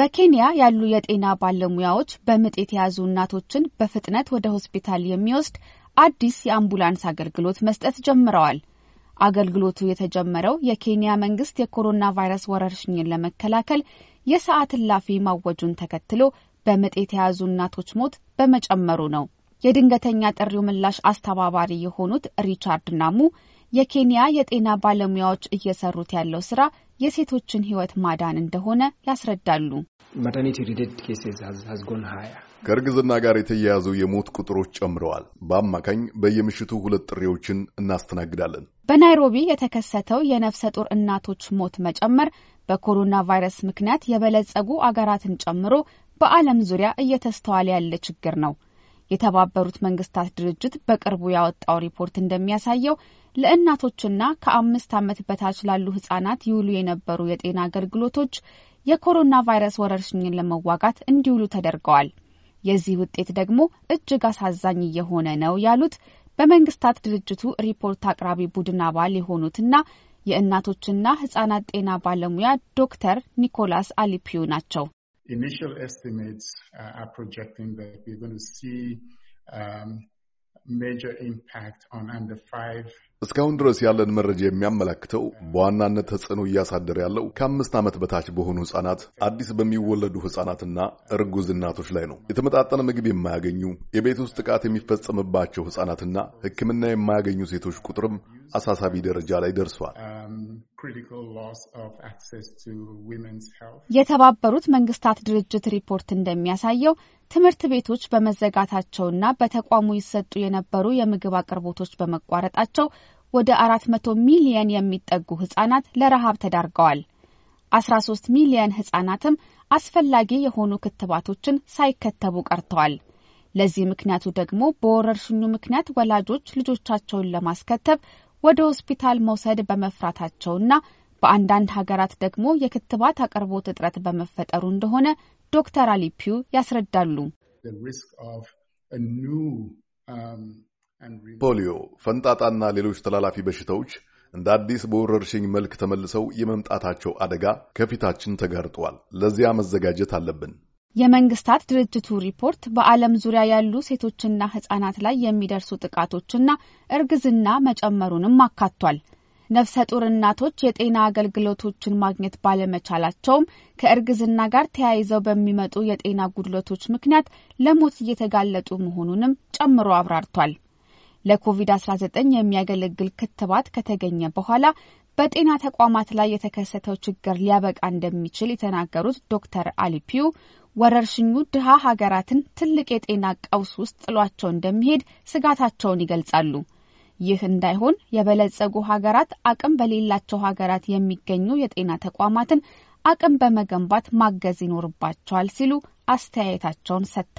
በኬንያ ያሉ የጤና ባለሙያዎች በምጥ የተያዙ እናቶችን በፍጥነት ወደ ሆስፒታል የሚወስድ አዲስ የአምቡላንስ አገልግሎት መስጠት ጀምረዋል። አገልግሎቱ የተጀመረው የኬንያ መንግስት የኮሮና ቫይረስ ወረርሽኝን ለመከላከል የሰዓት እላፊ ማወጁን ተከትሎ በምጥ የተያዙ እናቶች ሞት በመጨመሩ ነው። የድንገተኛ ጥሪው ምላሽ አስተባባሪ የሆኑት ሪቻርድ ናሙ የኬንያ የጤና ባለሙያዎች እየሰሩት ያለው ስራ የሴቶችን ህይወት ማዳን እንደሆነ ያስረዳሉ። ከእርግዝና ጋር የተያያዙ የሞት ቁጥሮች ጨምረዋል። በአማካኝ በየምሽቱ ሁለት ጥሪዎችን እናስተናግዳለን። በናይሮቢ የተከሰተው የነፍሰ ጡር እናቶች ሞት መጨመር በኮሮና ቫይረስ ምክንያት የበለጸጉ አገራትን ጨምሮ በዓለም ዙሪያ እየተስተዋለ ያለ ችግር ነው። የተባበሩት መንግስታት ድርጅት በቅርቡ ያወጣው ሪፖርት እንደሚያሳየው ለእናቶችና ከአምስት ዓመት በታች ላሉ ህጻናት ይውሉ የነበሩ የጤና አገልግሎቶች የኮሮና ቫይረስ ወረርሽኝን ለመዋጋት እንዲውሉ ተደርገዋል። የዚህ ውጤት ደግሞ እጅግ አሳዛኝ እየሆነ ነው ያሉት በመንግስታት ድርጅቱ ሪፖርት አቅራቢ ቡድን አባል የሆኑትና የእናቶችና ህጻናት ጤና ባለሙያ ዶክተር ኒኮላስ አሊፒዩ ናቸው። initial estimates uh, are projecting that we're going to see um, major impact on under five. እስካሁን ድረስ ያለን መረጃ የሚያመላክተው uh, በዋናነት ተጽዕኖ እያሳደረ ያለው ከአምስት ዓመት በታች በሆኑ ህጻናት፣ አዲስ በሚወለዱ ህጻናትና እርጉዝ እናቶች ላይ ነው። የተመጣጠነ ምግብ የማያገኙ የቤት ውስጥ ጥቃት የሚፈጸምባቸው ህጻናትና ሕክምና የማያገኙ ሴቶች ቁጥርም አሳሳቢ ደረጃ ላይ ደርሷል። um, የተባበሩት መንግስታት ድርጅት ሪፖርት እንደሚያሳየው ትምህርት ቤቶች በመዘጋታቸውና በተቋሙ ይሰጡ የነበሩ የምግብ አቅርቦቶች በመቋረጣቸው ወደ አራት መቶ ሚሊየን የሚጠጉ ህጻናት ለረሃብ ተዳርገዋል። አስራ ሶስት ሚሊየን ህጻናትም አስፈላጊ የሆኑ ክትባቶችን ሳይከተቡ ቀርተዋል። ለዚህ ምክንያቱ ደግሞ በወረርሽኙ ምክንያት ወላጆች ልጆቻቸውን ለማስከተብ ወደ ሆስፒታል መውሰድ በመፍራታቸውና በአንዳንድ ሀገራት ደግሞ የክትባት አቅርቦት እጥረት በመፈጠሩ እንደሆነ ዶክተር አሊፒው ያስረዳሉ። um, ፖሊዮ፣ ፈንጣጣና ሌሎች ተላላፊ በሽታዎች እንደ አዲስ በወረርሽኝ መልክ ተመልሰው የመምጣታቸው አደጋ ከፊታችን ተጋርጧል። ለዚያ መዘጋጀት አለብን። የመንግስታት ድርጅቱ ሪፖርት በዓለም ዙሪያ ያሉ ሴቶችና ህጻናት ላይ የሚደርሱ ጥቃቶችና እርግዝና መጨመሩንም አካቷል። ነፍሰ ጡር እናቶች የጤና አገልግሎቶችን ማግኘት ባለመቻላቸውም ከእርግዝና ጋር ተያይዘው በሚመጡ የጤና ጉድለቶች ምክንያት ለሞት እየተጋለጡ መሆኑንም ጨምሮ አብራርቷል። ለኮቪድ-19 የሚያገለግል ክትባት ከተገኘ በኋላ በጤና ተቋማት ላይ የተከሰተው ችግር ሊያበቃ እንደሚችል የተናገሩት ዶክተር አሊፒው ወረርሽኙ ድሃ ሀገራትን ትልቅ የጤና ቀውስ ውስጥ ጥሏቸው እንደሚሄድ ስጋታቸውን ይገልጻሉ። ይህ እንዳይሆን የበለጸጉ ሀገራት አቅም በሌላቸው ሀገራት የሚገኙ የጤና ተቋማትን አቅም በመገንባት ማገዝ ይኖርባቸዋል ሲሉ አስተያየታቸውን ሰጥተዋል።